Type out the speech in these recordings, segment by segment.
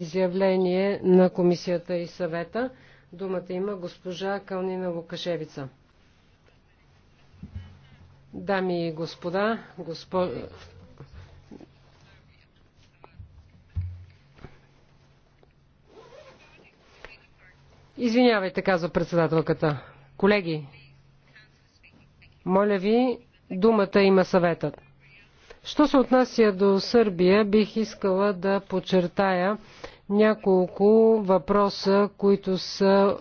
изявление на комисията и съвета. Думата има госпожа Калнина Лукашевица. Дами и господа, госпо... Извинявайте, казва председателката. Колеги, моля ви, думата има съветът. Що се отнася до Сърбия, бих искала да подчертая няколко въпроса, които са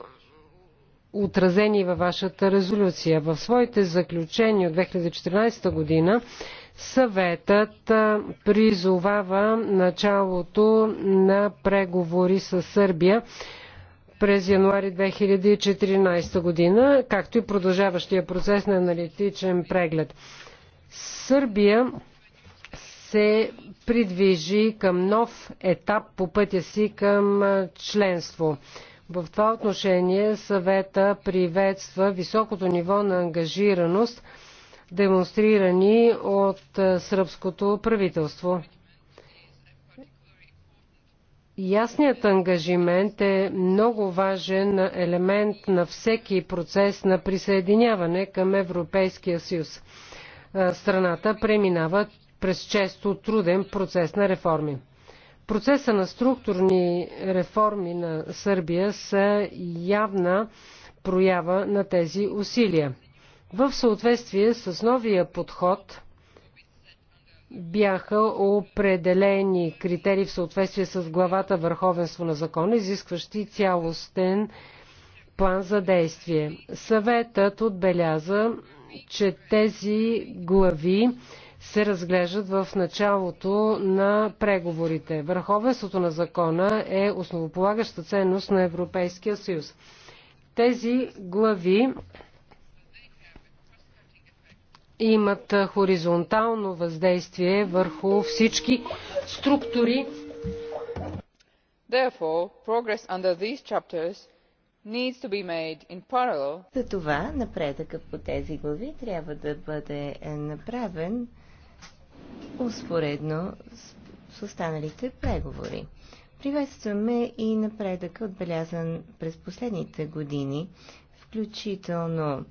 отразени във вашата резолюция. В своите заключения от 2014 година съветът призовава началото на преговори с Сърбия през януари 2014 година, както и продължаващия процес на аналитичен преглед. Сърбия се придвижи към нов етап по пътя си към членство. В това отношение съвета приветства високото ниво на ангажираност, демонстрирани от сръбското правителство. Ясният ангажимент е много важен елемент на всеки процес на присъединяване към Европейския съюз. Страната преминава през често труден процес на реформи. Процеса на структурни реформи на Сърбия са явна проява на тези усилия. В съответствие с новия подход бяха определени критерии в съответствие с главата Върховенство на закона, изискващи цялостен план за действие. Съветът отбеляза, че тези глави се разглеждат в началото на преговорите. Върховенството на закона е основополагаща ценност на Европейския съюз. Тези глави имат хоризонтално въздействие върху всички структури. Therefore, progress under these chapters needs to be made in parallel. За това напредъкът по тези глави трябва да бъде направен успоредно с останалите преговори. Приветстваме и напредъка, отбелязан през последните години, включително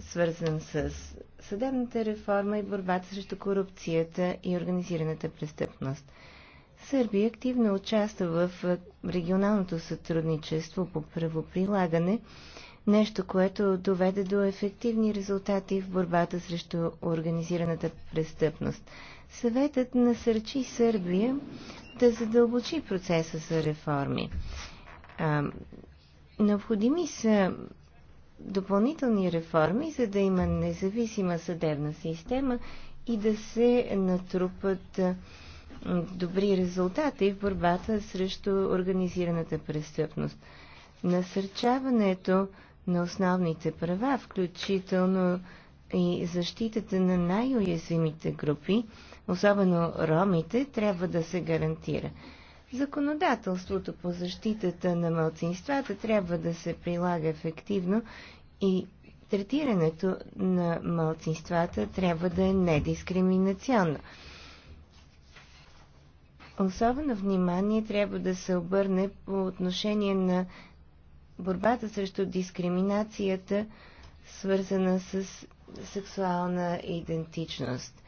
свързан с съдебната реформа и борбата срещу корупцията и организираната престъпност. Сърбия активно участва в регионалното сътрудничество по правоприлагане Нещо, което доведе до ефективни резултати в борбата срещу организираната престъпност. Съветът насърчи Сърбия да задълбочи процеса за реформи. А, необходими са допълнителни реформи, за да има независима съдебна система и да се натрупат добри резултати в борбата срещу организираната престъпност. Насърчаването на основните права, включително и защитата на най-уязвимите групи, особено ромите, трябва да се гарантира. Законодателството по защитата на мълцинствата трябва да се прилага ефективно и третирането на мълцинствата трябва да е недискриминационно. Особено внимание трябва да се обърне по отношение на борбата срещу дискриминацията, свързана с сексуална идентичност.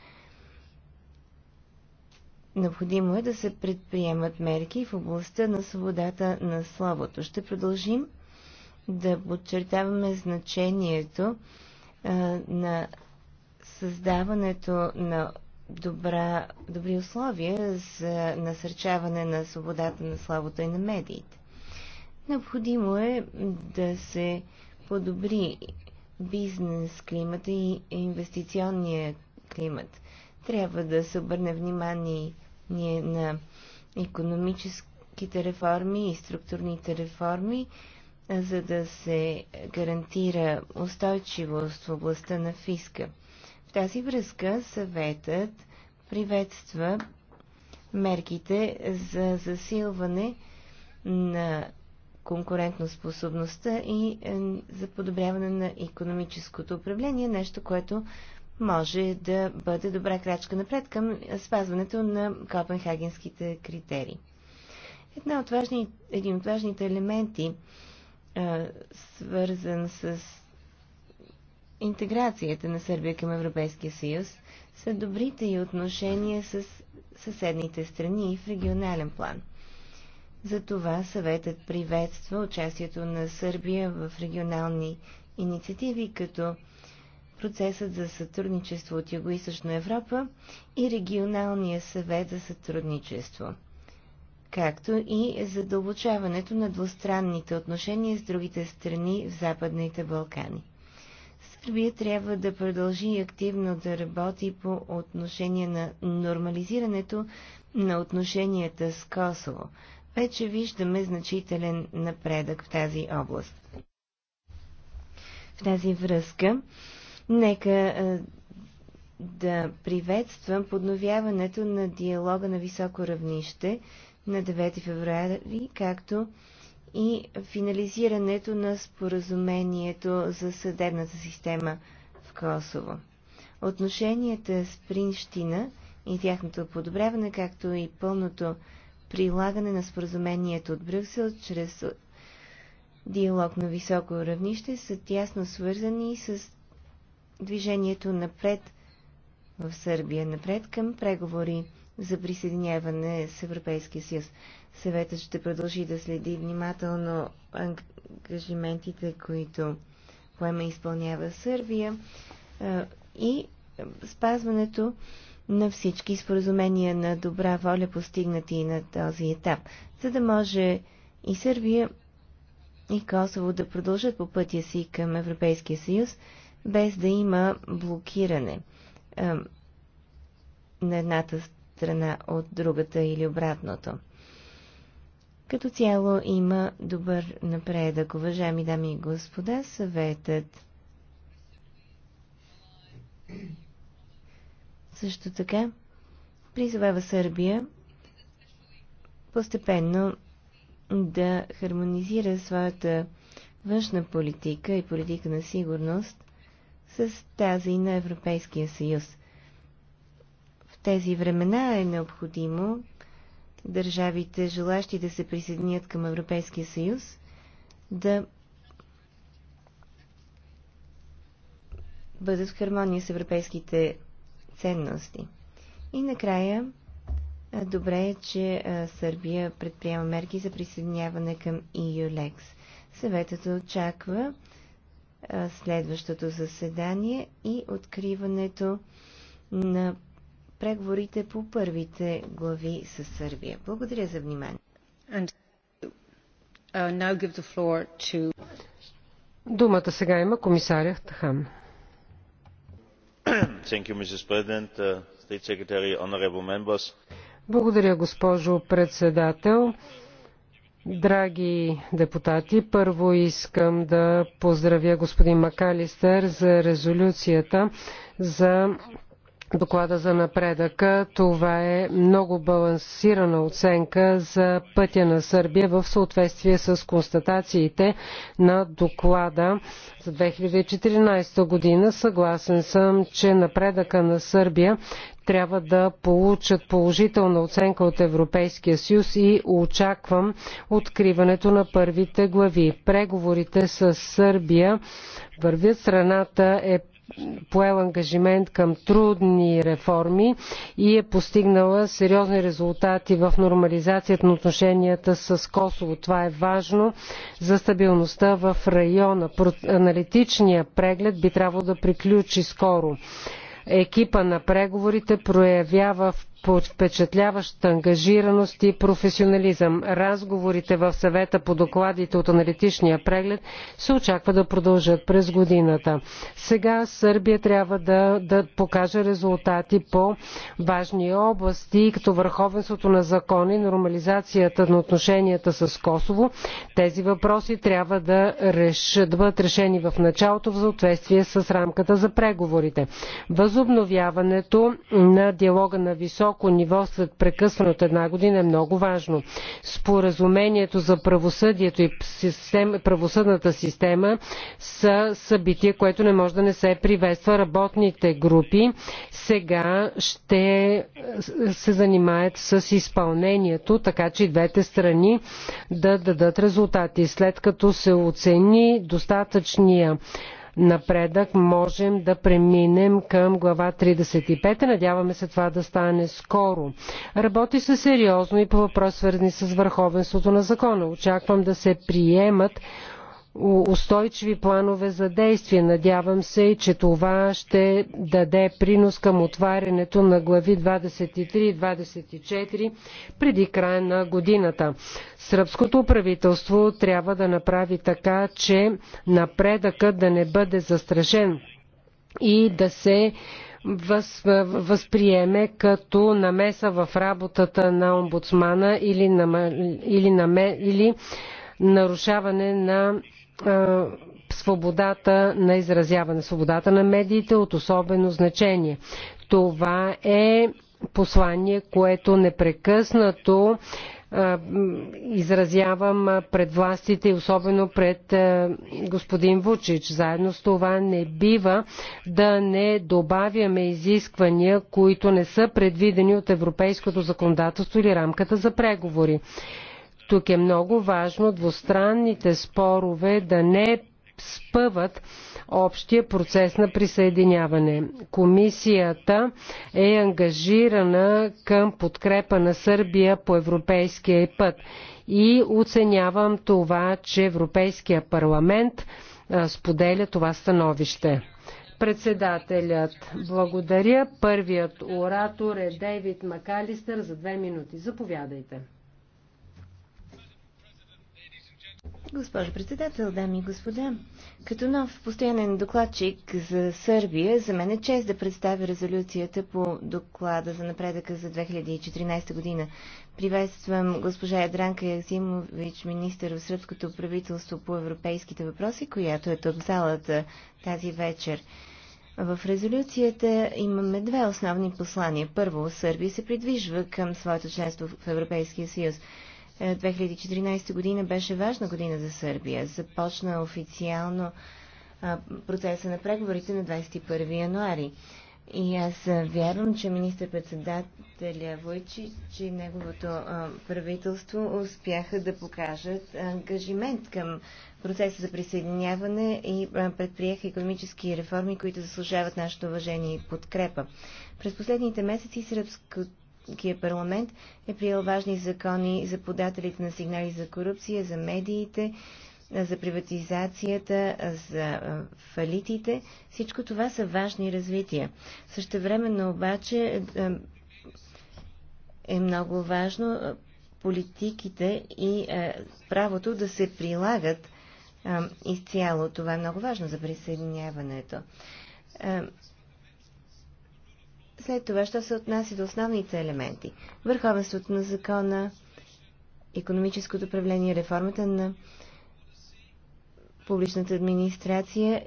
Необходимо е да се предприемат мерки в областта на свободата на словото. Ще продължим да подчертаваме значението а, на създаването на добра, добри условия за насърчаване на свободата на словото и на медиите. Необходимо е да се подобри бизнес климата и инвестиционния климат. Трябва да се обърне внимание на економическите реформи и структурните реформи, за да се гарантира устойчивост в областта на фиска. В тази връзка съветът приветства мерките за засилване на конкурентоспособността и е, за подобряване на економическото управление, нещо, което може да бъде добра крачка напред към спазването на копенхагенските критерии. Една от важни, един от важните елементи, е, свързан с интеграцията на Сърбия към Европейския съюз, са добрите и отношения с съседните страни в регионален план. Затова съветът приветства участието на Сърбия в регионални инициативи, като процесът за сътрудничество от юго Европа и регионалния съвет за сътрудничество, както и задълбочаването на двустранните отношения с другите страни в Западните Балкани. Сърбия трябва да продължи активно да работи по отношение на нормализирането на отношенията с Косово, вече виждаме значителен напредък в тази област. В тази връзка, нека да приветствам подновяването на диалога на високо равнище на 9 февруари, както и финализирането на споразумението за съдебната система в Косово. Отношенията с Принщина и тяхното подобряване, както и пълното прилагане на споразумението от Брюксел чрез диалог на високо равнище са тясно свързани с движението напред в Сърбия, напред към преговори за присъединяване с Европейския съюз. Съветът ще продължи да следи внимателно ангажиментите, които поема изпълнява Сърбия и спазването на всички споразумения на добра воля, постигнати на този етап, за да може и Сърбия, и Косово да продължат по пътя си към Европейския съюз, без да има блокиране а, на едната страна от другата или обратното. Като цяло има добър напредък, уважаеми дами и господа, съветът също така, призовава Сърбия постепенно да хармонизира своята външна политика и политика на сигурност с тази на Европейския съюз. В тези времена е необходимо държавите, желащи да се присъединят към Европейския съюз, да бъдат в хармония с европейските ценности. И накрая, добре е, че Сърбия предприема мерки за присъединяване към EULEX. Съветът очаква следващото заседание и откриването на преговорите по първите глави с Сърбия. Благодаря за внимание. Uh, Думата сега има комисаря Тахан. Uh, Благодаря, госпожо председател. Драги депутати, първо искам да поздравя господин Макалистер за резолюцията за доклада за напредъка. Това е много балансирана оценка за пътя на Сърбия в съответствие с констатациите на доклада за 2014 година. Съгласен съм, че напредъка на Сърбия трябва да получат положителна оценка от Европейския съюз и очаквам откриването на първите глави. Преговорите с Сърбия вървят страната е поел ангажимент към трудни реформи и е постигнала сериозни резултати в нормализацията на отношенията с Косово. Това е важно за стабилността в района. Аналитичният преглед би трябвало да приключи скоро екипа на преговорите проявява в под впечатляваща ангажираност и професионализъм. Разговорите в съвета по докладите от аналитичния преглед се очаква да продължат през годината. Сега Сърбия трябва да, да покаже резултати по важни области, като върховенството на закони, и нормализацията на отношенията с Косово. Тези въпроси трябва да, реш, да бъдат решени в началото в съответствие с рамката за преговорите. Възобновяването на диалога на високо високо ниво след прекъсване от една година е много важно. Споразумението за правосъдието и систем, правосъдната система са събития, което не може да не се приветства. Работните групи сега ще се занимаят с изпълнението, така че и двете страни да дадат резултати. След като се оцени достатъчния напредък, можем да преминем към глава 35. Надяваме се това да стане скоро. Работи се сериозно и по въпрос свързани с върховенството на закона. Очаквам да се приемат устойчиви планове за действие. Надявам се, че това ще даде принос към отварянето на глави 23 и 24 преди края на годината. Сръбското правителство трябва да направи така, че напредъкът да не бъде застрашен и да се въз, възприеме като намеса в работата на омбудсмана или, на, или, наме, или нарушаване на е, свободата на изразяване, свободата на медиите от особено значение. Това е послание, което непрекъснато е, изразявам пред властите и особено пред е, господин Вучич. Заедно с това не бива да не добавяме изисквания, които не са предвидени от европейското законодателство или рамката за преговори. Тук е много важно двустранните спорове да не спъват общия процес на присъединяване. Комисията е ангажирана към подкрепа на Сърбия по европейския път и оценявам това, че Европейския парламент споделя това становище. Председателят, благодаря. Първият оратор е Дейвид Макалистър за две минути. Заповядайте. Госпожо председател, дами и господа, като нов постоянен докладчик за Сърбия, за мен е чест да представя резолюцията по доклада за напредъка за 2014 година. Приветствам госпожа Ядранка Яксимович, министър в сръбското правителство по европейските въпроси, която е тук в залата тази вечер. В резолюцията имаме две основни послания. Първо, Сърбия се придвижва към своето членство в Европейския съюз. 2014 е, година беше важна година за Сърбия. Започна официално процеса на преговорите на 21 януари. И аз вярвам, че министър-председателя Войчи, че неговото правителство успяха да покажат ангажимент към процеса за присъединяване и предприеха економически реформи, които заслужават нашето уважение и подкрепа. През последните месеци сръбското Европейския парламент е приел важни закони за подателите на сигнали за корупция, за медиите, за приватизацията, за фалитите. Всичко това са важни развития. Същевременно обаче е много важно политиките и правото да се прилагат изцяло. Това е много важно за присъединяването. След това, що се отнася до основните елементи – върховенството на закона, економическото управление, реформата на публичната администрация,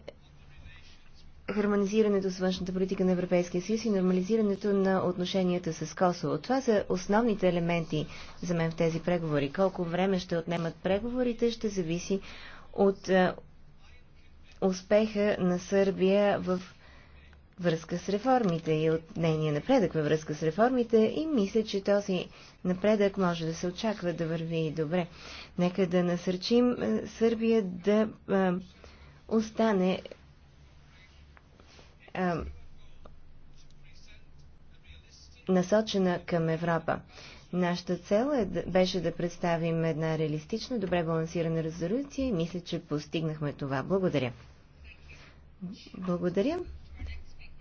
хармонизирането с външната политика на Европейския съюз и нормализирането на отношенията с Косово. Това са основните елементи за мен в тези преговори. Колко време ще отнемат преговорите, ще зависи от е, успеха на Сърбия в връзка с реформите и от нейния напредък във връзка с реформите и мисля, че този напредък може да се очаква да върви добре. Нека да насърчим е, Сърбия да а, е, остане а, е, насочена към Европа. Нашата цел е, беше да представим една реалистична, добре балансирана резолюция и мисля, че постигнахме това. Благодаря. Благодаря.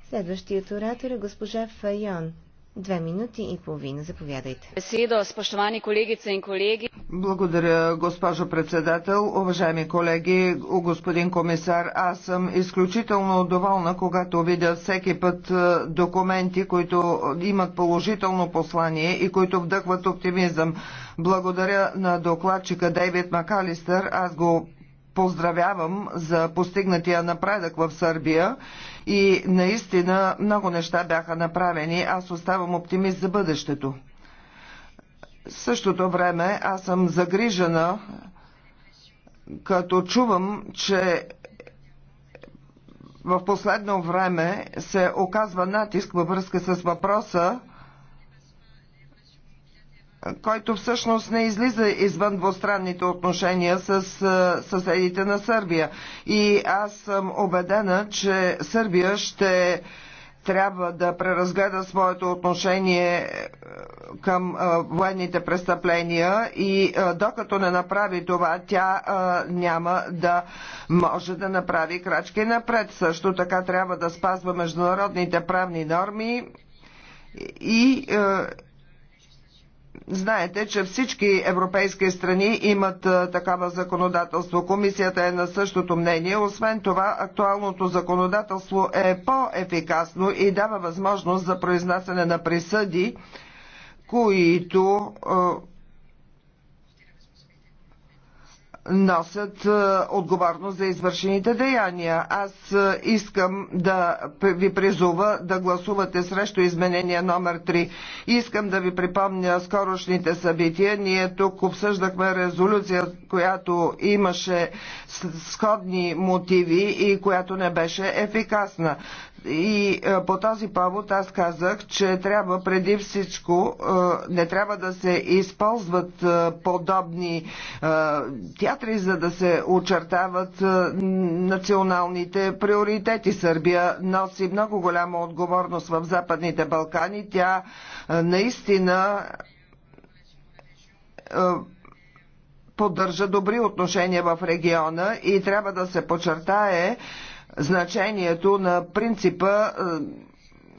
Следващият оратор е госпожа Файон. Две минути и половина. Заповядайте. Беседо, спощовани колегица и колеги. Благодаря, госпожо председател. Уважаеми колеги, господин комисар, аз съм изключително доволна, когато видя всеки път е, документи, които имат положително послание и които вдъхват оптимизъм. Благодаря на докладчика Дейвид Макалистър. Аз го поздравявам за постигнатия напредък в Сърбия и наистина много неща бяха направени. Аз оставам оптимист за бъдещето. В същото време аз съм загрижена, като чувам, че в последно време се оказва натиск във връзка с въпроса който всъщност не излиза извън двустранните отношения с съседите на Сърбия. И аз съм убедена, че Сърбия ще трябва да преразгледа своето отношение към военните престъпления и докато не направи това, тя няма да може да направи крачки напред. Също така трябва да спазва международните правни норми и Знаете, че всички европейски страни имат такава законодателство. Комисията е на същото мнение. Освен това, актуалното законодателство е по-ефикасно и дава възможност за произнасяне на присъди, които носят е, отговорност за извършените деяния. Аз е, искам да ви призова да гласувате срещу изменение номер 3. Искам да ви припомня скорошните събития. Ние тук обсъждахме резолюция, която имаше сходни мотиви и която не беше ефикасна. И е, по този повод аз казах, че трябва преди всичко, не трябва да се използват подобни тя индикатори, за да се очертават националните приоритети. Сърбия носи много голяма отговорност в Западните Балкани. Тя наистина поддържа добри отношения в региона и трябва да се почертае значението на принципа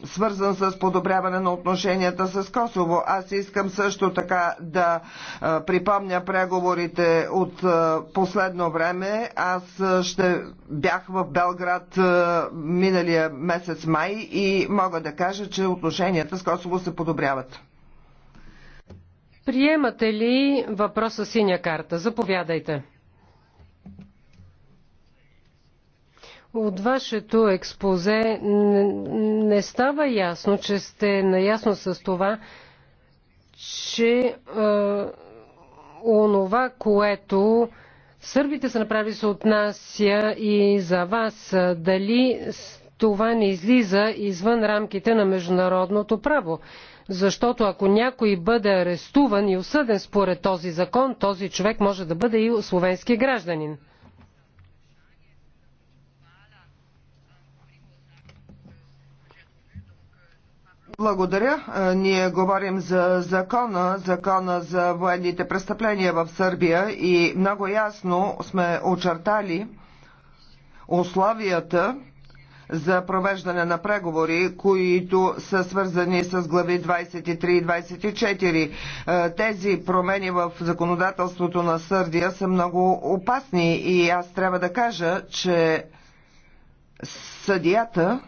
свързан с подобряване на отношенията с Косово. Аз искам също така да припомня преговорите от последно време. Аз ще бях в Белград миналия месец май и мога да кажа, че отношенията с Косово се подобряват. Приемате ли въпроса синя карта? Заповядайте. От вашето експозе не става ясно, че сте наясно с това, че е, онова, което сърбите са направили, се отнася и за вас. Дали това не излиза извън рамките на международното право? Защото ако някой бъде арестуван и осъден според този закон, този човек може да бъде и словенски гражданин. Благодаря. Е, ние говорим за закона, закона за военните престъпления в Сърбия и много ясно сме очертали условията, за провеждане на преговори, които са свързани с глави 23 и 24. Е, тези промени в законодателството на Сърдия са много опасни и аз трябва да кажа, че съдията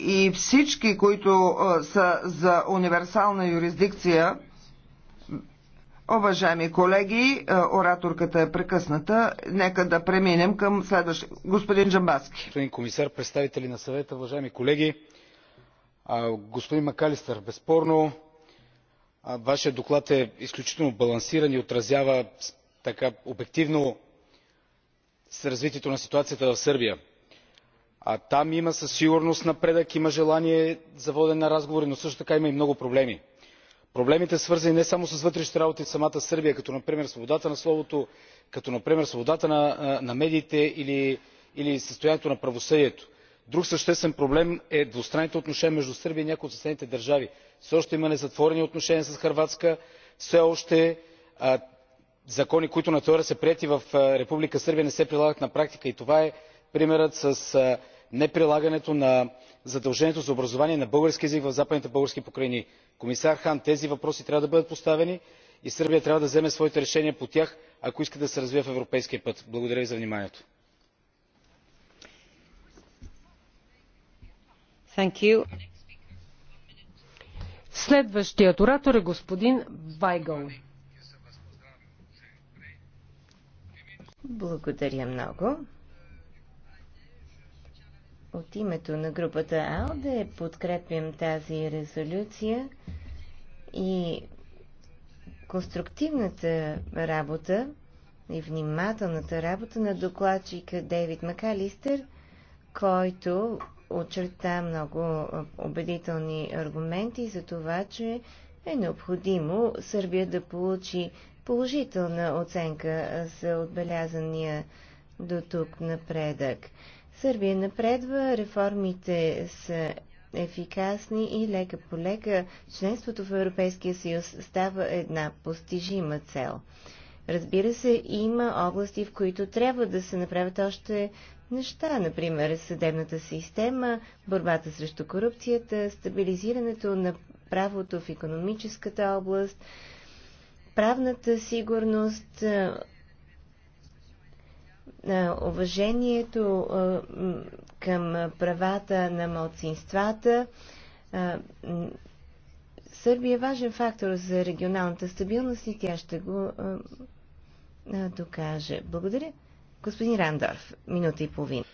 и всички, които са за универсална юрисдикция, Уважаеми колеги, ораторката е прекъсната. Нека да преминем към следващия. Господин Джамбаски. Господин комисар, представители на съвета, уважаеми колеги, господин Макалистър, безспорно, вашия доклад е изключително балансиран и отразява така обективно с развитието на ситуацията в Сърбия там има със сигурност напредък има желание за водене на разговори но също така има и много проблеми. проблемите свързани не само с вътрешните работи в самата сърбия като например свободата на словото като например свободата на медиите или състоянието на правосъдието. друг съществен проблем е двустранните отношения между сърбия и някои от съседните държави. все още има незатворени отношения с хърватска все още закони които на теория са приети в република сърбия не се прилагат на практика и това е примерът с неприлагането на задължението за образование на български език в западните български покрайнини. комисар Хан, тези въпроси трябва да бъдат поставени и сърбия трябва да вземе своите решения по тях ако иска да се развива в европейския път. благодаря ви за вниманието. Следващият оратор е господин Вайгъл. Благодаря много. От името на групата да подкрепим тази резолюция и конструктивната работа и внимателната работа на докладчика Дейвид Макалистър, който очерта много убедителни аргументи за това, че е необходимо Сърбия да получи положителна оценка за отбелязания до тук напредък. Сърбия напредва, реформите са ефикасни и лека по лека членството в Европейския съюз става една постижима цел. Разбира се, има области, в които трябва да се направят още неща, например съдебната система, борбата срещу корупцията, стабилизирането на правото в економическата област, правната сигурност, уважението към правата на малцинствата. Сърбия е важен фактор за регионалната стабилност и тя ще го докаже. Благодаря. Господин Рандорф, минута и половина.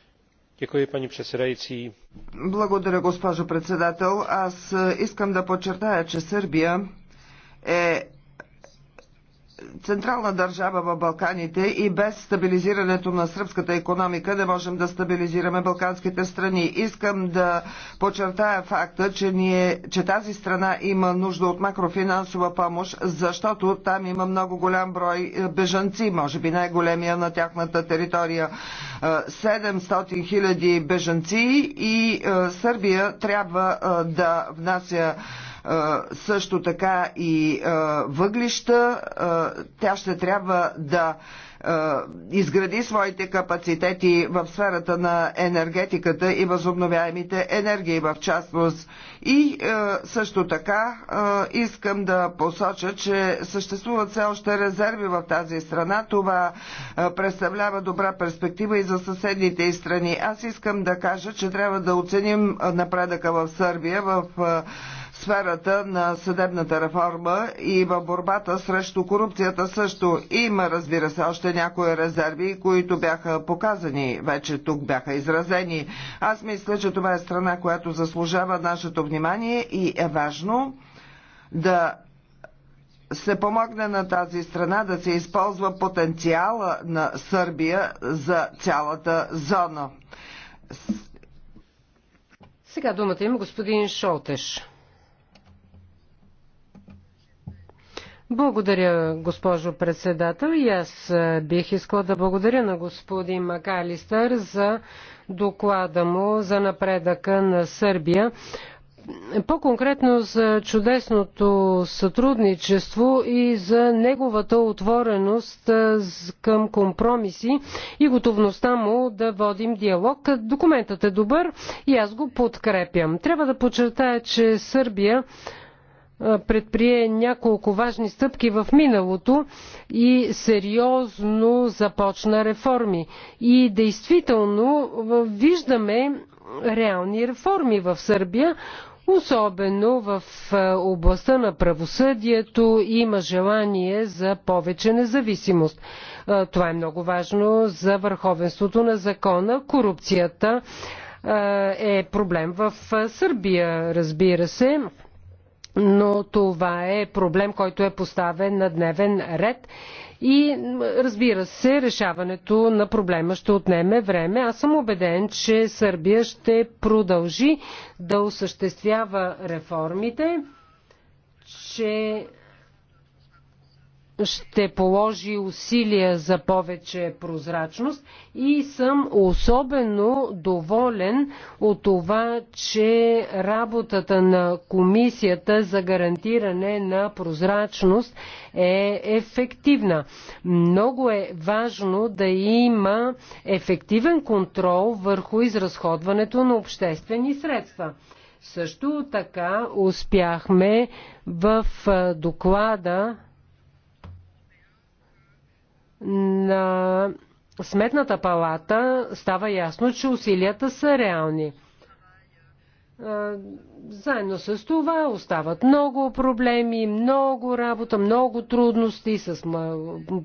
Благодаря, госпожо председател. Аз искам да подчертая, че Сърбия е централна държава в Балканите и без стабилизирането на сръбската економика не можем да стабилизираме балканските страни. Искам да подчертая факта, че, ние, че тази страна има нужда от макрофинансова помощ, защото там има много голям брой е, бежанци, може би най-големия на тяхната територия. 700 е, хиляди бежанци и е, Сърбия трябва да внася също така и въглища. Тя ще трябва да изгради своите капацитети в сферата на енергетиката и възобновяемите енергии в частност. И също така искам да посоча, че съществуват все още резерви в тази страна. Това представлява добра перспектива и за съседните и страни. Аз искам да кажа, че трябва да оценим напредъка в Сърбия в сферата на съдебната реформа и в борбата срещу корупцията също. Има, разбира се, още някои резерви, които бяха показани, вече тук бяха изразени. Аз мисля, че това е страна, която заслужава нашето внимание и е важно да се помогне на тази страна да се използва потенциала на Сърбия за цялата зона. Сега думата има господин Шолтеш. Благодаря, госпожо председател. И аз бих искал да благодаря на господин Макалистър за доклада му за напредъка на Сърбия. По-конкретно за чудесното сътрудничество и за неговата отвореност към компромиси и готовността му да водим диалог. Документът е добър и аз го подкрепям. Трябва да подчертая, че Сърбия предприе няколко важни стъпки в миналото и сериозно започна реформи. И действително виждаме реални реформи в Сърбия, особено в областта на правосъдието има желание за повече независимост. Това е много важно за върховенството на закона. Корупцията е проблем в Сърбия, разбира се но това е проблем, който е поставен на дневен ред и разбира се, решаването на проблема ще отнеме време. Аз съм убеден, че Сърбия ще продължи да осъществява реформите, че ще положи усилия за повече прозрачност и съм особено доволен от това, че работата на комисията за гарантиране на прозрачност е ефективна. Много е важно да има ефективен контрол върху изразходването на обществени средства. Също така успяхме в доклада на Сметната палата става ясно, че усилията са реални. Заедно с това остават много проблеми, много работа, много трудности с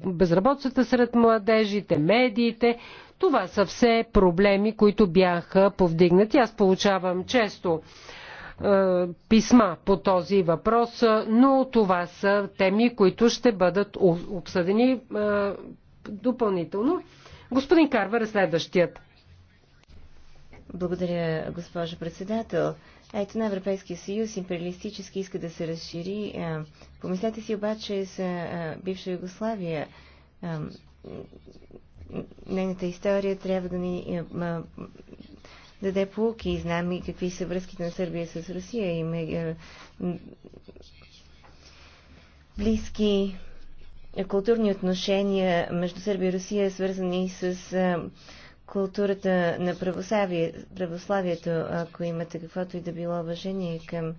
безработицата сред младежите, медиите. Това са все проблеми, които бяха повдигнати. Аз получавам често е, писма по този въпрос, е, но това са теми, които ще бъдат обсъдени е, допълнително. Господин Карвер е следващият. Благодаря, госпожо председател. Ето на Европейския съюз империалистически иска да се разшири. Помислете си обаче за бивша Югославия. Нейната история трябва да ни даде полуки. Знам и какви са връзките на Сърбия с Русия. Има е, близки културни отношения между Сърбия и Русия, свързани с е, културата на православие, православието. Ако имате каквото и да било уважение към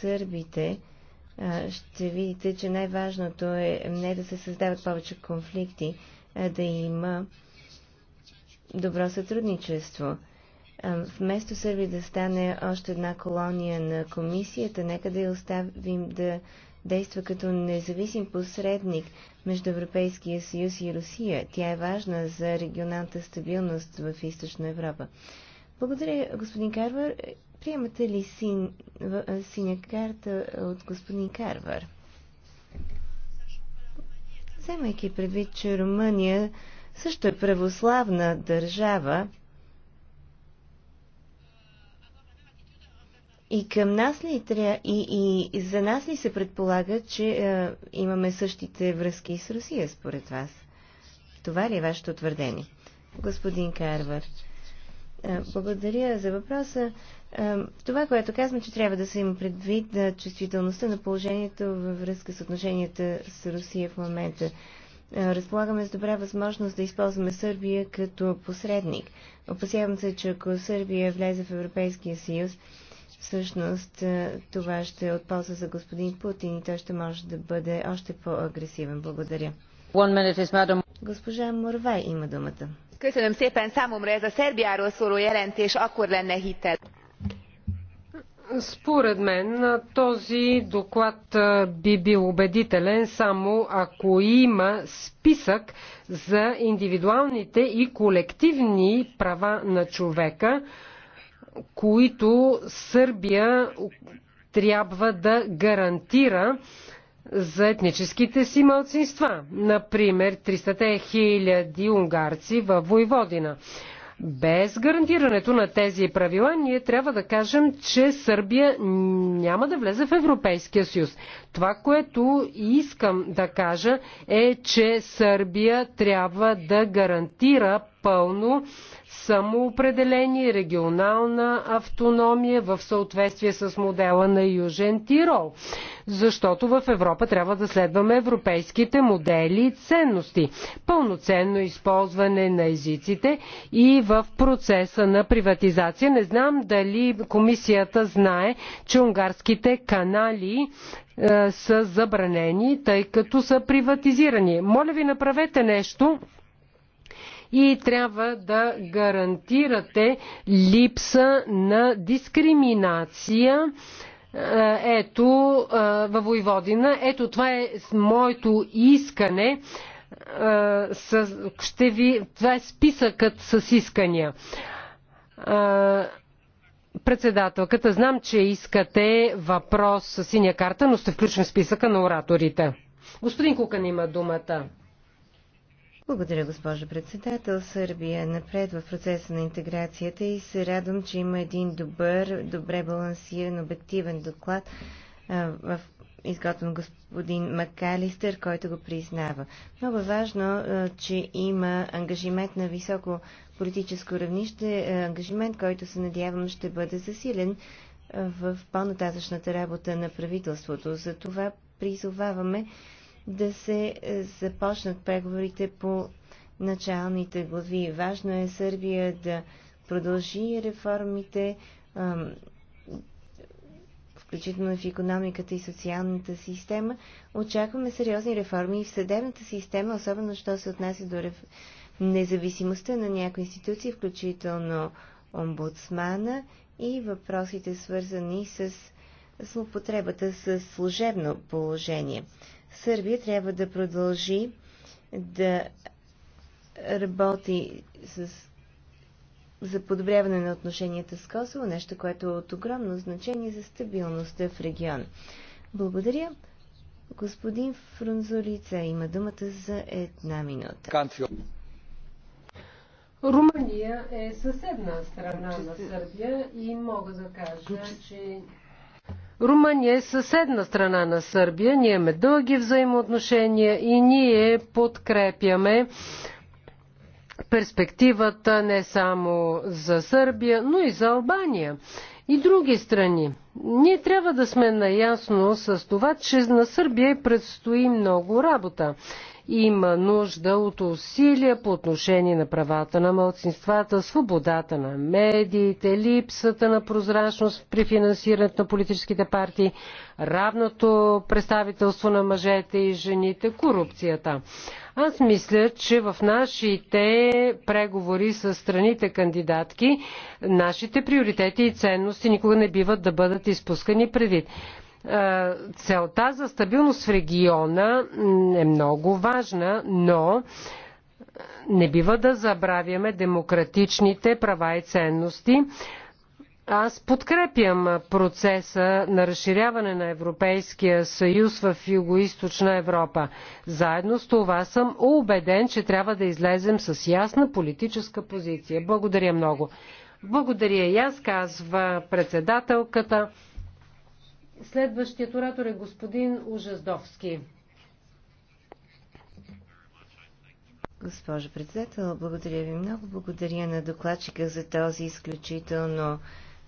сърбите, е, ще видите, че най-важното е не да се създават повече конфликти, а да има добро сътрудничество. Вместо Сърби да стане още една колония на комисията, нека да я оставим да действа като независим посредник между Европейския съюз и Русия. Тя е важна за регионалната стабилност в Източна Европа. Благодаря, господин Карвар. Приемате ли син, синя карта от господин Карвар? Вземайки предвид, че Румъния също е православна държава, И към нас ли трябва, и, и за нас ли се предполага, че е, имаме същите връзки с Русия, според вас? Това ли е вашето твърдение? Господин Карвар, е, благодаря за въпроса. Е, това, което казвам, че трябва да се има предвид на чувствителността на положението във връзка с отношенията с Русия в момента. Е, разполагаме с добра възможност да използваме Сърбия като посредник. Опасявам се, че ако Сърбия влезе в Европейския съюз, всъщност е, това ще е от полза за господин Путин и той ще може да бъде още по-агресивен. Благодаря. Госпожа Морвай има думата. Köszönöm szépen számomra ez a Szerbiáról szóló jelentés akkor lenne hitel. Според мен този доклад е, би бил убедителен само ако има списък за индивидуалните и колективни права на човека, които Сърбия трябва да гарантира за етническите си малцинства. Например, 300 хиляди унгарци във Войводина. Без гарантирането на тези правила, ние трябва да кажем, че Сърбия няма да влезе в Европейския съюз. Това, което искам да кажа е, че Сърбия трябва да гарантира пълно самоопределение, регионална автономия в съответствие с модела на Южен Тирол. Защото в Европа трябва да следваме европейските модели и ценности. Пълноценно използване на езиците и в процеса на приватизация. Не знам дали комисията знае, че унгарските канали е, са забранени, тъй като са приватизирани. Моля ви, направете нещо и трябва да гарантирате липса на дискриминация е, ето е, във Войводина. Ето това е моето искане. Е, ще ви, това е списъкът с искания. Председателката, знам, че искате въпрос с синя карта, но сте включен в списъка на ораторите. Господин Кукан има думата. Благодаря, госпожа председател. Сърбия е напред в процеса на интеграцията и се радвам, че има един добър, добре балансиран, обективен доклад в изготвен господин Макалистър, който го признава. Много е важно, че има ангажимент на високо политическо равнище, ангажимент, който се надявам ще бъде засилен в по-нататъчната работа на правителството. За това призоваваме да се е, започнат преговорите по началните глави. Важно е Сърбия да продължи реформите, включително в економиката и социалната система. Очакваме сериозни реформи и в съдебната система, особено що се отнася до реф... независимостта на някои институции, включително омбудсмана и въпросите свързани с злоупотребата с служебно положение. Сърбия трябва да продължи да работи с, за подобряване на отношенията с Косово, нещо, което е от огромно значение за стабилността в региона. Благодаря. Господин Фрунзолица има думата за една минута. Румъния е съседна страна на Сърбия и мога да кажа, че Румъния е съседна страна на Сърбия, ние имаме дълги взаимоотношения и ние подкрепяме перспективата не само за Сърбия, но и за Албания и други страни. Ние трябва да сме наясно с това, че на Сърбия предстои много работа. Има нужда от усилия по отношение на правата на мълцинствата, свободата на медиите, липсата на прозрачност при финансирането на политическите партии, равното представителство на мъжете и жените, корупцията. Аз мисля, че в нашите преговори с страните кандидатки, нашите приоритети и ценности стойности никога не биват да бъдат изпускани предвид. Е, целта за стабилност в региона е много важна, но не бива да забравяме демократичните права и ценности. Аз подкрепям процеса на разширяване на Европейския съюз в Юго-Источна Европа. Заедно с това съм убеден, че трябва да излезем с ясна политическа позиция. Благодаря много. Благодаря и аз, казва председателката. Следващият оратор е господин Ужаздовски. Госпожо председател, благодаря ви много. Благодаря на докладчика за този изключително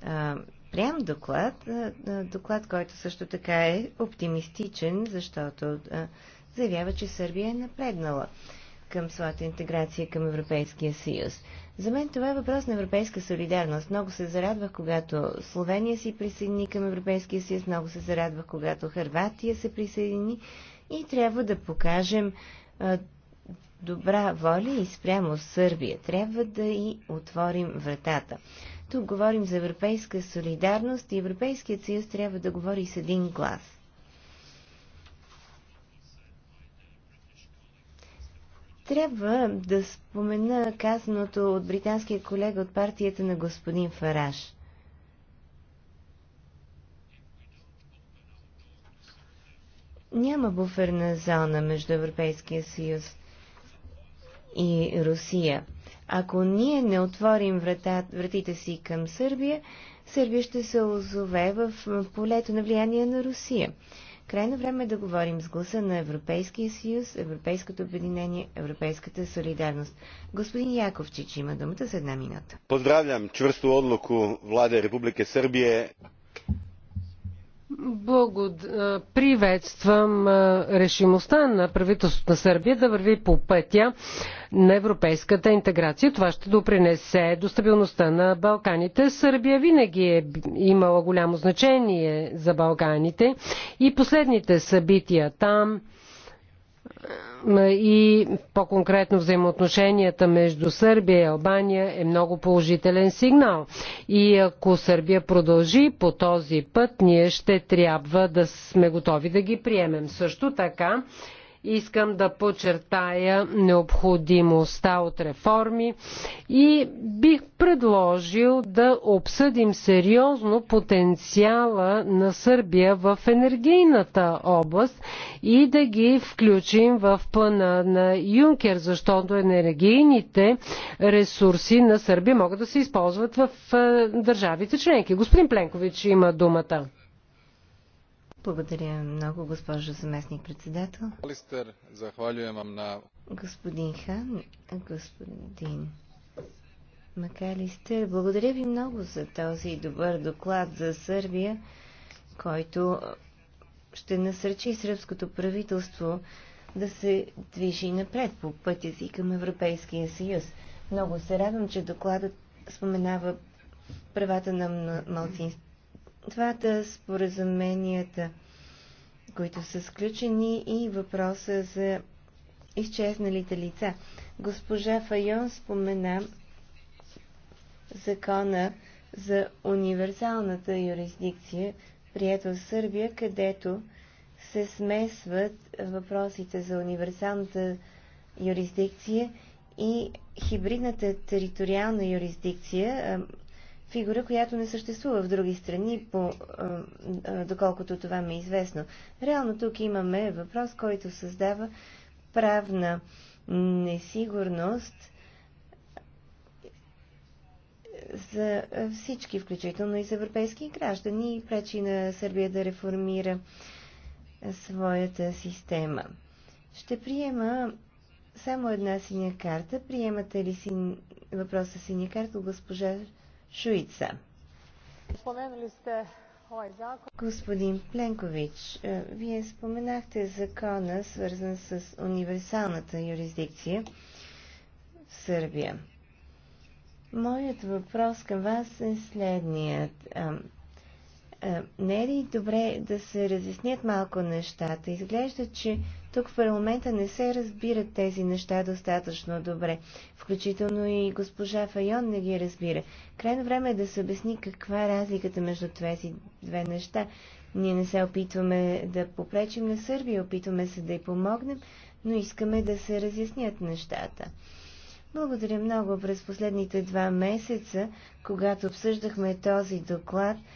а, прям доклад. А, доклад, който също така е оптимистичен, защото а, заявява, че Сърбия е напреднала към своята интеграция към Европейския съюз. За мен това е въпрос на европейска солидарност. Много се зарадвах, когато Словения си присъедини към Европейския съюз, много се зарадвах, когато Харватия се присъедини и трябва да покажем а, добра воля и спрямо Сърбия. Трябва да и отворим вратата. Тук говорим за европейска солидарност и Европейският съюз трябва да говори с един глас. Трябва да спомена казаното от британския колега от партията на господин Фараш. Няма буферна зона между Европейския съюз и Русия. Ако ние не отворим врата, вратите си към Сърбия, Сърбия ще се озове в полето на влияние на Русия. Крайно време е да говорим с гласа на Европейския съюз, Европейското обединение, Европейската солидарност. Господин Яковчич има думата за една минута. Поздравям чвърсто одлуку Владе Република Сърбия Благод... Приветствам решимостта на правителството на Сърбия да върви по пътя на европейската интеграция. Това ще допринесе до стабилността на Балканите. Сърбия винаги е имала голямо значение за Балканите и последните събития там и по-конкретно взаимоотношенията между Сърбия и Албания е много положителен сигнал. И ако Сърбия продължи по този път, ние ще трябва да сме готови да ги приемем. Също така, Искам да подчертая необходимостта от реформи и бих предложил да обсъдим сериозно потенциала на Сърбия в енергийната област и да ги включим в плана на Юнкер, защото енергийните ресурси на Сърбия могат да се използват в е, държавите членки. Господин Пленкович има думата. Благодаря много, госпожо заместник председател. Господин Хан, господин Макалистер, благодаря ви много за този добър доклад за Сърбия, който ще насърчи сръбското правителство да се движи напред по пътя си към Европейския съюз. Много се радвам, че докладът споменава правата на малцинството двата споразуменията, които са сключени и въпроса за изчезналите лица. Госпожа Файон спомена закона за универсалната юрисдикция, прието в Сърбия, където се смесват въпросите за универсалната юрисдикция и хибридната териториална юрисдикция, фигура, която не съществува в други страни, по, доколкото това ми е известно. Реално тук имаме въпрос, който създава правна несигурност за всички, включително и за европейски граждани, и пречи на Сърбия да реформира своята система. Ще приема само една синя карта. Приемате ли си въпроса синя карта, госпожа Шуица. Споменали сте Господин Пленкович, е, вие споменахте закона, свързан с универсалната юрисдикция в Сърбия. Моят въпрос към вас е следният. Е, не е ли добре да се разяснят малко нещата? Изглежда, че тук в парламента не се разбират тези неща достатъчно добре. Включително и госпожа Файон не ги разбира. Крайно време е да се обясни каква е разликата между тези две неща. Ние не се опитваме да попречим на Сърбия, опитваме се да й помогнем, но искаме да се разяснят нещата. Благодаря много през последните два месеца, когато обсъждахме този доклад –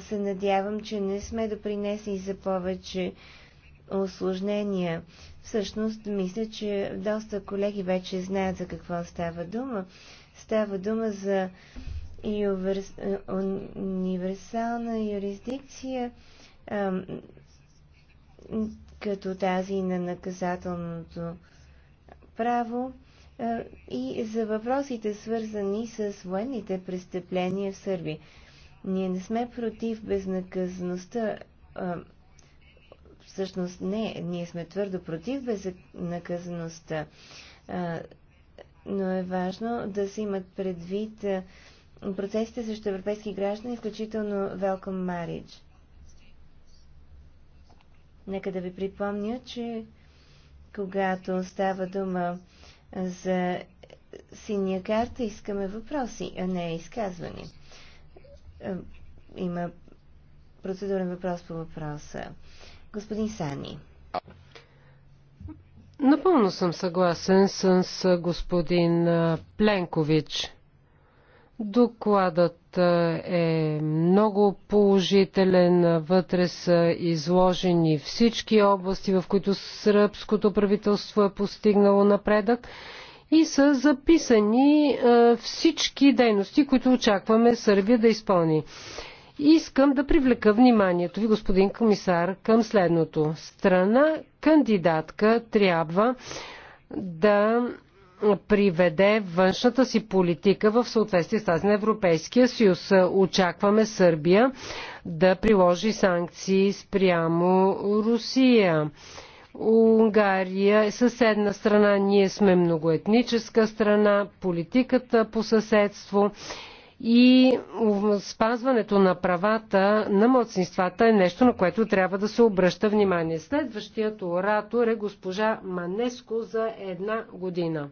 се надявам, че не сме допринесли за повече осложнения. Всъщност, мисля, че доста колеги вече знаят за какво става дума. Става дума за юверс... Е, универсална юрисдикция, ам, като тази на наказателното право а, и за въпросите свързани с военните престъпления в Сърбия. Ние не сме против безнаказаността. Всъщност не, ние сме твърдо против безнаказаността. Но е важно да се имат предвид процесите срещу европейски граждани, включително Welcome Marriage. Нека да ви припомня, че когато става дума за синия карта, искаме въпроси, а не изказвания. Е, има процедурен въпрос по въпроса. Господин Сани. Напълно съм съгласен с господин е, Пленкович. Докладът е, е много положителен. Вътре са изложени всички области, в които сръбското правителство е постигнало напредък и са записани е, всички дейности, които очакваме Сърбия да изпълни. Искам да привлека вниманието ви, господин комисар, към следното. Страна кандидатка трябва да приведе външната си политика в съответствие с тази на Европейския съюз. Очакваме Сърбия да приложи санкции спрямо Русия. Унгария е съседна страна, ние сме многоетническа страна, политиката по съседство и спазването на правата на младсинствата е нещо, на което трябва да се обръща внимание. Следващият оратор е госпожа Манеско за една година.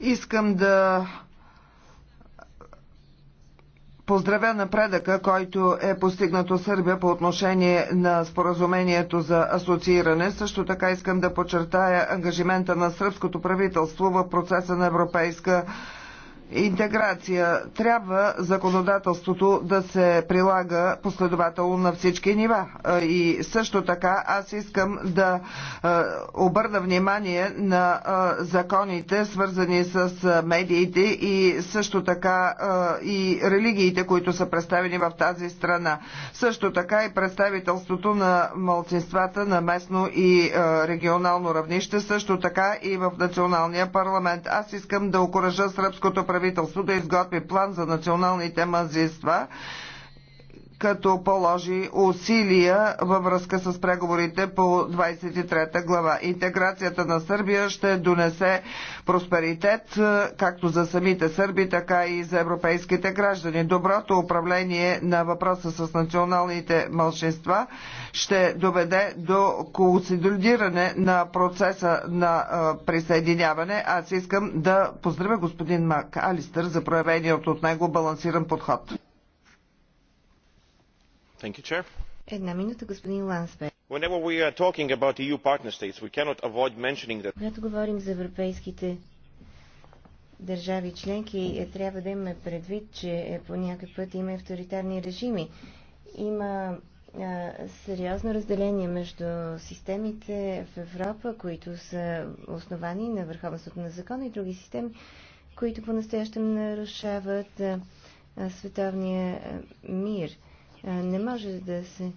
Искам да поздравя напредъка, който е постигнато Сърбия по отношение на споразумението за асоцииране. Също така искам да подчертая ангажимента на сръбското правителство в процеса на европейска интеграция. Трябва законодателството да се прилага последователно на всички нива. И също така аз искам да обърна внимание на законите, свързани с медиите и също така и религиите, които са представени в тази страна. Също така и представителството на малцинствата на местно и регионално равнище, също така и в националния парламент. Аз искам да окоръжа сръбското правителство правителство да изготви план за националните мъзинства, като положи усилия във връзка с преговорите по 23 глава. Интеграцията на Сърбия ще донесе просперитет е, както за самите сърби, така и за европейските граждани. Доброто управление на въпроса с националните мълшинства ще доведе до консолидиране на процеса на е, присъединяване. Аз искам да поздравя господин Мак Алистър за проявеният от него балансиран подход. Една минута, господин Лансберг. E that... Когато говорим за европейските държави членки, е, трябва да имаме предвид, че е, по някакъв път има авторитарни режими. Има сериозно разделение между системите в Европа, които са основани на върховенството на закона и други системи, които по-настоящем нарушават световния мир. Не може да се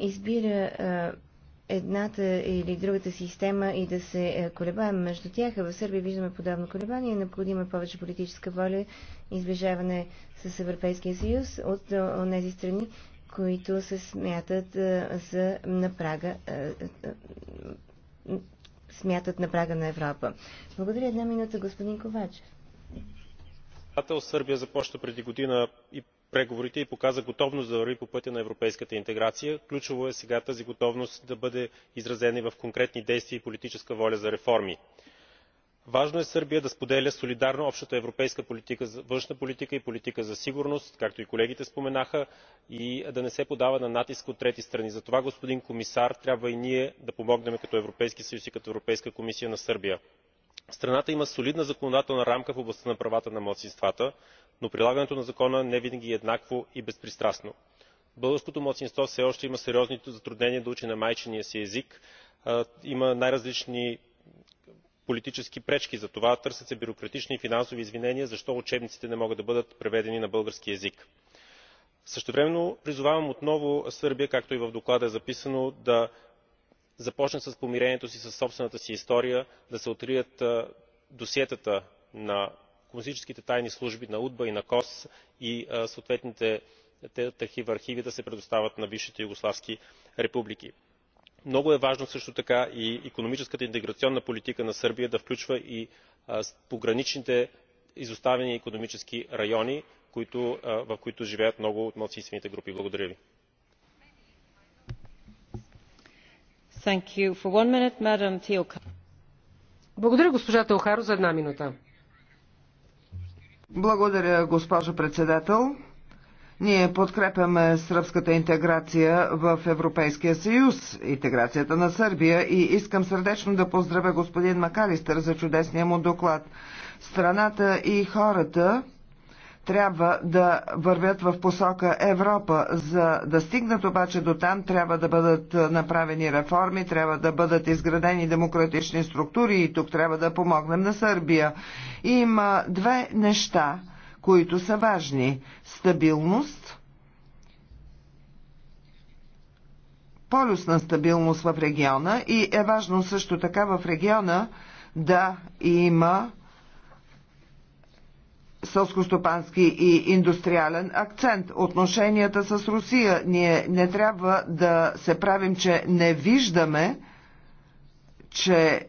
избира едната или другата система и да се колебаем между тях. В Сърбия виждаме подобно колебание. Е необходима повече политическа воля и избежаване с Европейския съюз от тези страни, които се смятат за напрага смятат на прага на Европа. Благодаря една минута, господин Ковачев председател сърбия започна преди година преговорите и показа готовност да върви по пътя на европейската интеграция. ключово е сега тази готовност да бъде изразена и в конкретни действия и политическа воля за реформи. важно е сърбия да споделя солидарно общата европейска външна политика и политика за сигурност както и колегите споменаха и да не се поддава на натиск от трети страни. затова господин комисар трябва и ние да помогнем като европейски съюз и като европейска комисия на сърбия страната има солидна законодателна рамка в областта на правата на малцинствата но прилагането на закона не винаги е еднакво и безпристрастно. българското малцинство все още има сериозни затруднения да учи на майчиния си език има най различни политически пречки за това търсят се бюрократични и финансови извинения защо учебниците не могат да бъдат преведени на български език. същевременно призовавам отново сърбия както и в доклада е записано да започна с помирението си със собствената си история да се открият досиетата на комунистическите тайни служби на удба и на кос и съответните такива архиви да се предоставят на бившите югославски републики. много е важно също така и икономическата интеграционна политика на сърбия да включва и пограничните изоставени икономически райони в които живеят много от малцинствените групи. благодаря ви. Благодаря, госпожа Талхаро за една минута. Благодаря, госпожо председател. Ние подкрепяме сръбската интеграция в Европейския съюз, интеграцията на Сърбия и искам сърдечно да поздравя господин Макалистър за чудесния му доклад. Страната и хората трябва да вървят в посока Европа. За да стигнат обаче до там, трябва да бъдат направени реформи, трябва да бъдат изградени демократични структури и тук трябва да помогнем на Сърбия. има две неща, които са важни. Стабилност, полюсна стабилност в региона и е важно също така в региона да има селскостопански и индустриален акцент. Отношенията с Русия. Ние не трябва да се правим, че не виждаме, че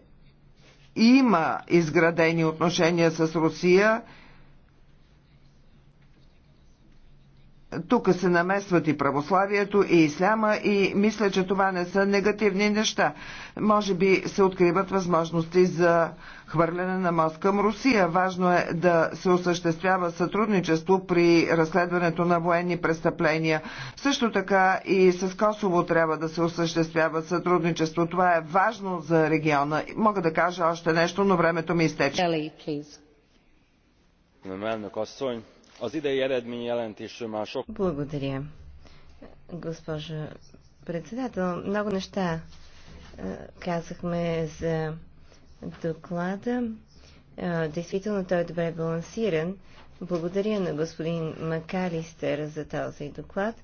има изградени отношения с Русия тук се намесват и православието, и исляма, и мисля, че това не са негативни неща. Може би се откриват възможности за хвърляне на мост към Русия. Важно е да се осъществява сътрудничество при разследването на военни престъпления. Също така и с Косово трябва да се осъществява сътрудничество. Това е важно за региона. Мога да кажа още нещо, но времето ми изтече. Az idei már sok... Благодаря. Госпожа председател, много неща е, казахме за доклада. Е, действително той е добре балансиран. Благодаря на господин Макалистер за този доклад.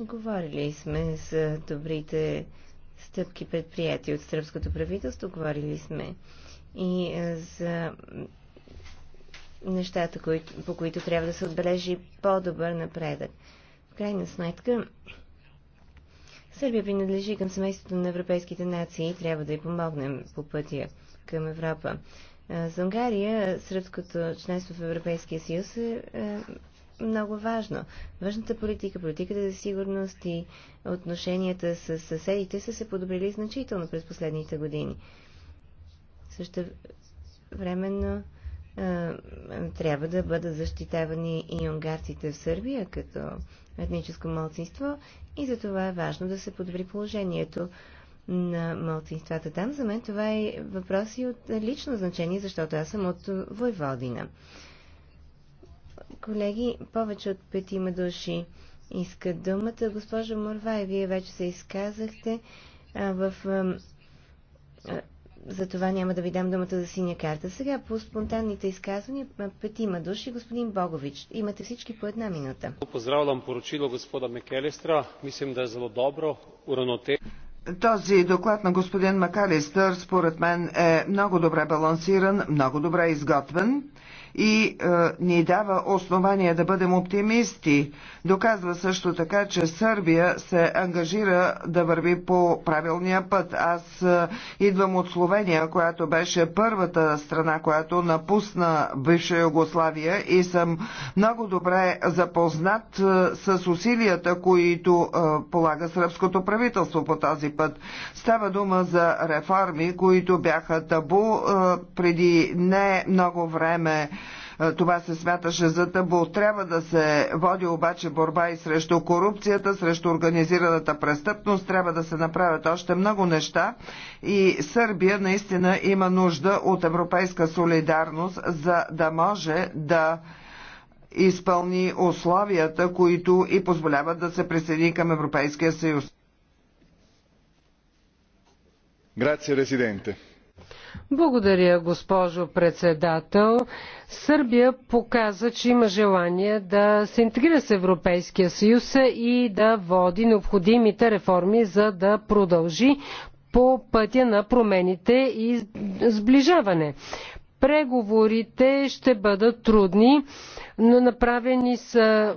Говорили сме за добрите стъпки предприяти от сръбското правителство, говорили сме и е, за нещата, по които трябва да се отбележи по-добър напредък. В крайна сметка, Сърбия принадлежи към семейството на европейските нации и трябва да й помогнем по пътя към Европа. За Унгария сръбското членство в Европейския съюз е, е много важно. Важната политика, политиката за сигурност и отношенията с съседите са се подобрили значително през последните години. Също временно е, трябва да бъдат защитавани и унгарците в Сърбия като етническо малцинство и за това е важно да се подобри положението на малцинствата там. За мен това е въпрос и от лично значение, защото аз съм от Войводина. Колеги, повече от петима души искат думата. Госпожа Морвай, вие вече се изказахте а, в а, за това няма да ви дам думата за синя карта. Сега по спонтанните изказвания петима души. Господин Богович, имате всички по една минута. Поздравлям поручило господа Мекелестра. Мислим да е зло добро, Уроноте... Този доклад на господин Макалистър, според мен, е много добре балансиран, много добре изготвен и е, ни дава основания да бъдем оптимисти. Доказва също така, че Сърбия се ангажира да върви по правилния път. Аз е, идвам от Словения, която беше първата страна, която напусна бивша Югославия и съм много добре запознат е, с усилията, които е, полага сръбското правителство по този път. Става дума за реформи, които бяха табу е, преди не много време е, това се смяташе за табу. Трябва да се води обаче борба и срещу корупцията, срещу организираната престъпност. Трябва да се направят още много неща и Сърбия наистина има нужда от европейска солидарност, за да може да изпълни условията, които и позволяват да се присъедини към Европейския съюз. Grazie резиденте. Благодаря, госпожо председател. Сърбия показа, че има желание да се интегрира с Европейския съюз и да води необходимите реформи, за да продължи по пътя на промените и сближаване. Преговорите ще бъдат трудни, но направени са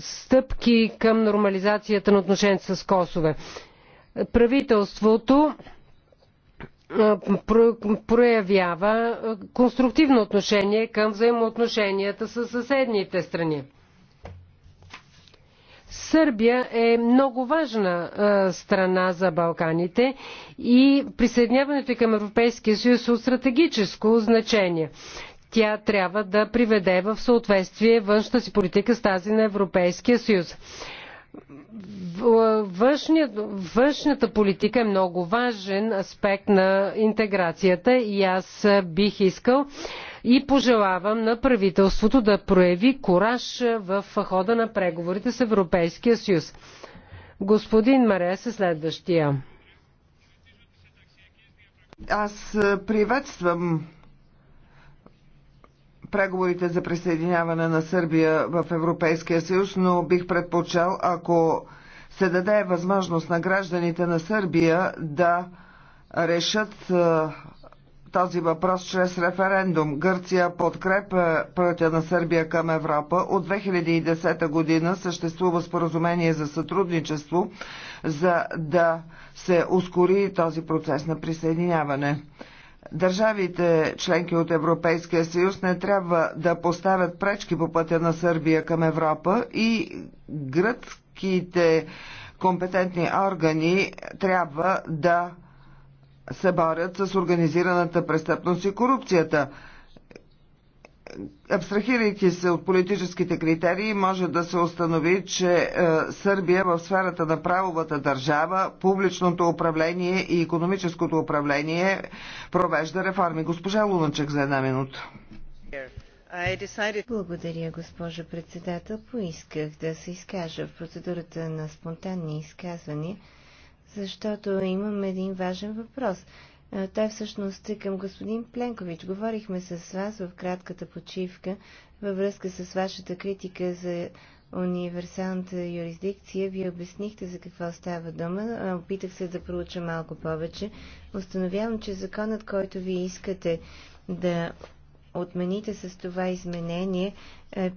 стъпки към нормализацията на отношенията с Косове. Правителството проявява конструктивно отношение към взаимоотношенията с съседните страни. Сърбия е много важна страна за Балканите и присъединяването към Европейския съюз е от стратегическо значение. Тя трябва да приведе в съответствие външната си политика с тази на Европейския съюз Външният, външната политика е много важен аспект на интеграцията и аз бих искал и пожелавам на правителството да прояви кораж в хода на преговорите с Европейския съюз. Господин Марес е следващия. Аз приветствам преговорите за присъединяване на Сърбия в Европейския съюз, но бих предпочел, ако се даде възможност на гражданите на Сърбия да решат този въпрос чрез референдум. Гърция подкрепя пътя на Сърбия към Европа. От 2010 година съществува споразумение за сътрудничество, за да се ускори този процес на присъединяване. Държавите, членки от Европейския съюз, не трябва да поставят пречки по пътя на Сърбия към Европа и гръцките компетентни органи трябва да се борят с организираната престъпност и корупцията. Абстрахирайки се от политическите критерии, може да се установи, че е, Сърбия в сферата на правовата държава, публичното управление и економическото управление провежда реформи. Госпожа Луначек за една минута. Благодаря, госпожа председател. Поисках да се изкажа в процедурата на спонтанни изказвания, защото имам един важен въпрос – той всъщност е към господин Пленкович. Говорихме с вас в кратката почивка във връзка с вашата критика за универсалната юрисдикция. Вие обяснихте за какво става дума. Опитах се да проуча малко повече. Установявам, че законът, който вие искате да отмените с това изменение, е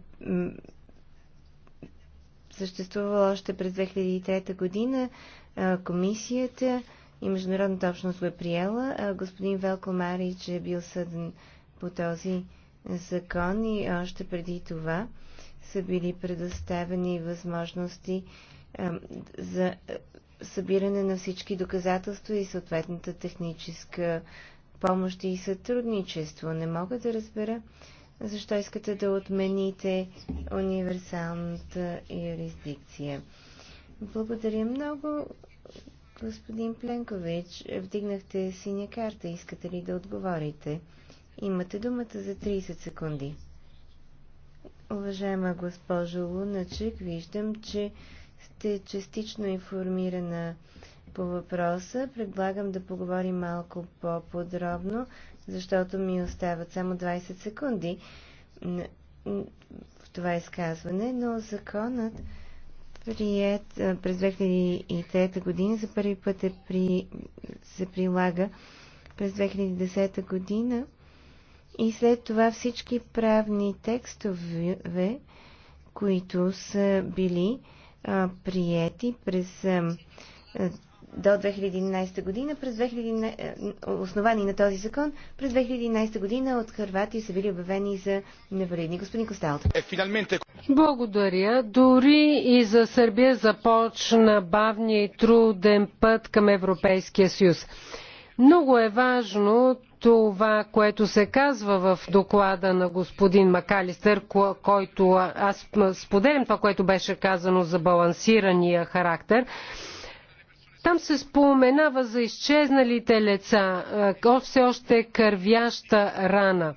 съществувал още през 2003 година. Комисията и международната общност го е приела. А господин Велко Марич е бил съден по този закон и още преди това са били предоставени възможности за събиране на всички доказателства и съответната техническа помощ и сътрудничество. Не мога да разбера защо искате да отмените универсалната юрисдикция. Благодаря много. Господин Пленкович, вдигнахте синя карта. Искате ли да отговорите? Имате думата за 30 секунди. Уважаема госпожо Луначек, виждам, че сте частично информирана по въпроса. Предлагам да поговорим малко по-подробно, защото ми остават само 20 секунди в това изказване, но законът прият през 2003 година, за първи път е при, се прилага през 2010 година и след това всички правни текстове, които са били а, приети през а, до 2011 година, през 2000, е, основани на този закон, през 2011 година от Харватия са били обявени за невалидни. Господин Косталто. Е, Благодаря. Дори и за Сърбия започна бавния и труден път към Европейския съюз. Много е важно това, което се казва в доклада на господин Макалистър, който аз споделям това, което беше казано за балансирания характер. Там се споменава за изчезналите лица, е, все още кървяща рана.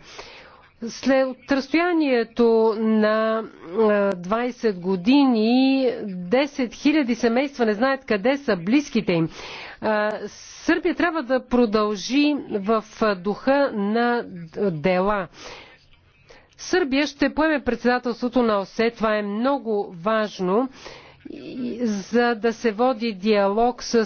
След разстоянието на 20 е, години 10 000 семейства не знаят къде са близките им. Е, Сърбия трябва да продължи в духа на дела. Сърбия ще поеме председателството на ОСЕ. Това е много важно за да се води диалог с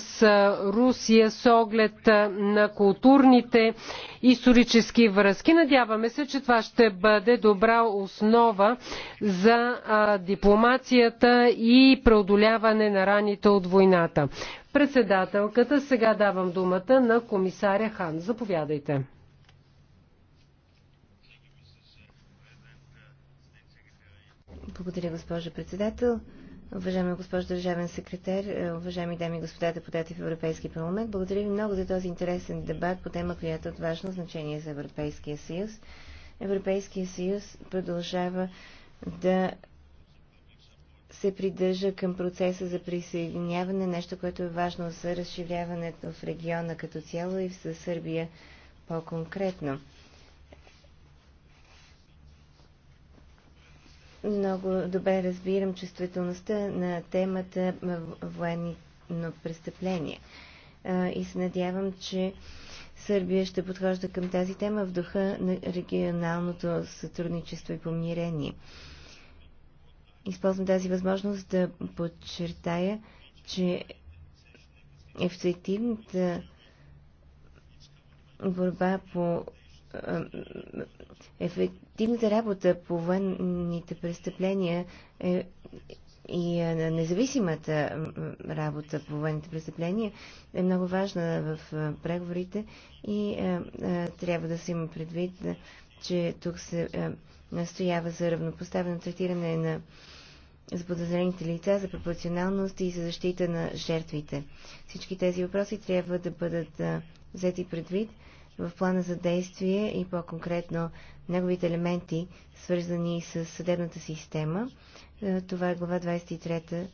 Русия с оглед на културните исторически връзки. Надяваме се, че това ще бъде добра основа за дипломацията и преодоляване на раните от войната. Председателката, сега давам думата на комисаря Хан. Заповядайте. Благодаря, госпожа председател. Уважаема госпожо държавен секретар, е, уважаеми дами и господа депутати в Европейски парламент, благодаря ви много за този интересен дебат по тема, която е от важно значение за Европейския съюз. Европейския съюз продължава да се придържа към процеса за присъединяване, нещо, което е важно за разширяването в региона като цяло и в Сърбия по-конкретно. Много добре разбирам чувствителността на темата военни престъпления. И се надявам, че Сърбия ще подхожда към тази тема в духа на регионалното сътрудничество и помирение. Използвам тази възможност да подчертая, че ефективната борба по е, ефективната работа по военните престъпления е, и е, независимата работа по военните престъпления е много важна в е, преговорите и е, е, трябва да се има предвид, че тук се е, настоява за равнопоставено третиране на за подозрените лица, за пропорционалност и за защита на жертвите. Всички тези въпроси трябва да бъдат взети предвид в плана за действие и по-конкретно неговите елементи, свързани с съдебната система. Е, това е глава 23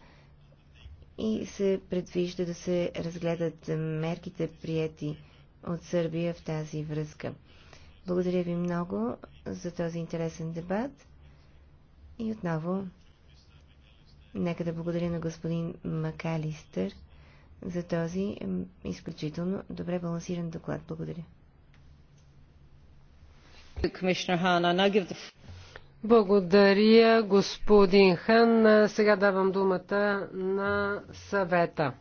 и се предвижда да се разгледат мерките прияти от Сърбия в тази връзка. Благодаря ви много за този интересен дебат и отново нека да благодаря на господин Макалистър за този изключително добре балансиран доклад. Благодаря. Благодаря, господин Хан. Сега давам думата на съвета.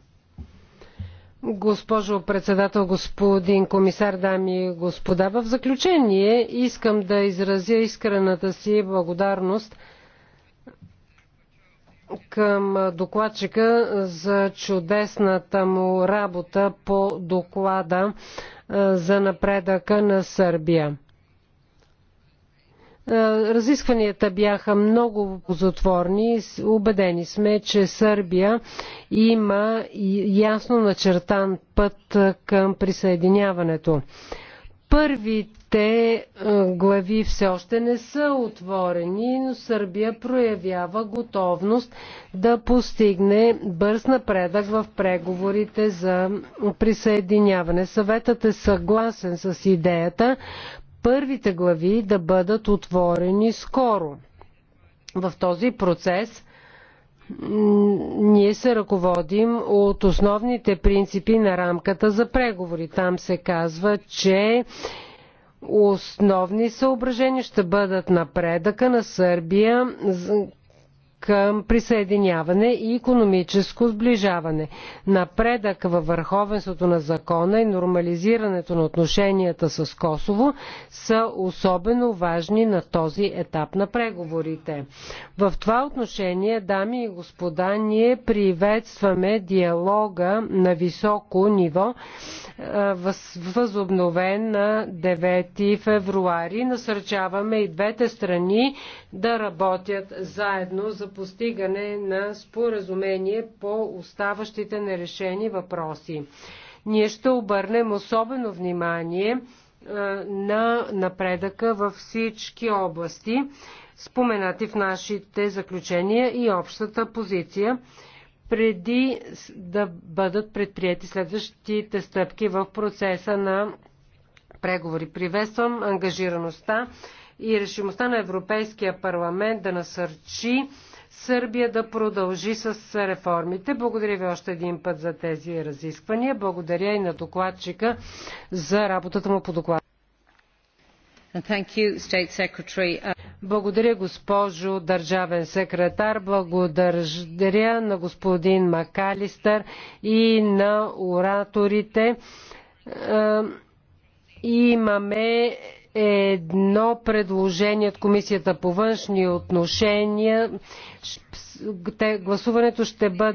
Госпожо председател, господин комисар, дами и господа, в заключение искам да изразя искрената си благодарност към докладчика за чудесната му работа по доклада за напредъка на Сърбия. Е, разискванията бяха много позотворни. Убедени сме, че Сърбия има ясно начертан път е, към присъединяването. Първите е, глави все още не са отворени, но Сърбия проявява готовност да постигне бърз напредък в преговорите за присъединяване. Съветът е съгласен с идеята първите глави да бъдат отворени скоро. В този процес ние се ръководим от основните принципи на рамката за преговори. Там се казва, че основни съображения ще бъдат напредъка на Сърбия към присъединяване и економическо сближаване. Напредък във върховенството на закона и нормализирането на отношенията с Косово са особено важни на този етап на преговорите. В това отношение, дами и господа, ние приветстваме диалога на високо ниво, възобновен на 9 февруари. Насърчаваме и двете страни да работят заедно за за постигане на споразумение по оставащите нерешени въпроси. Ние ще обърнем особено внимание на напредъка във всички области, споменати в нашите заключения и общата позиция, преди да бъдат предприяти следващите стъпки в процеса на преговори. Приветствам ангажираността и решимостта на Европейския парламент да насърчи Сърбия да продължи с реформите. Благодаря ви още един път за тези разисквания. Благодаря и на докладчика за работата му по доклада. Благодаря, госпожо държавен секретар. Благодаря на господин Макалистър и на ораторите. Е, имаме едно предложение от Комисията по външни отношения. Гласуването ще бъде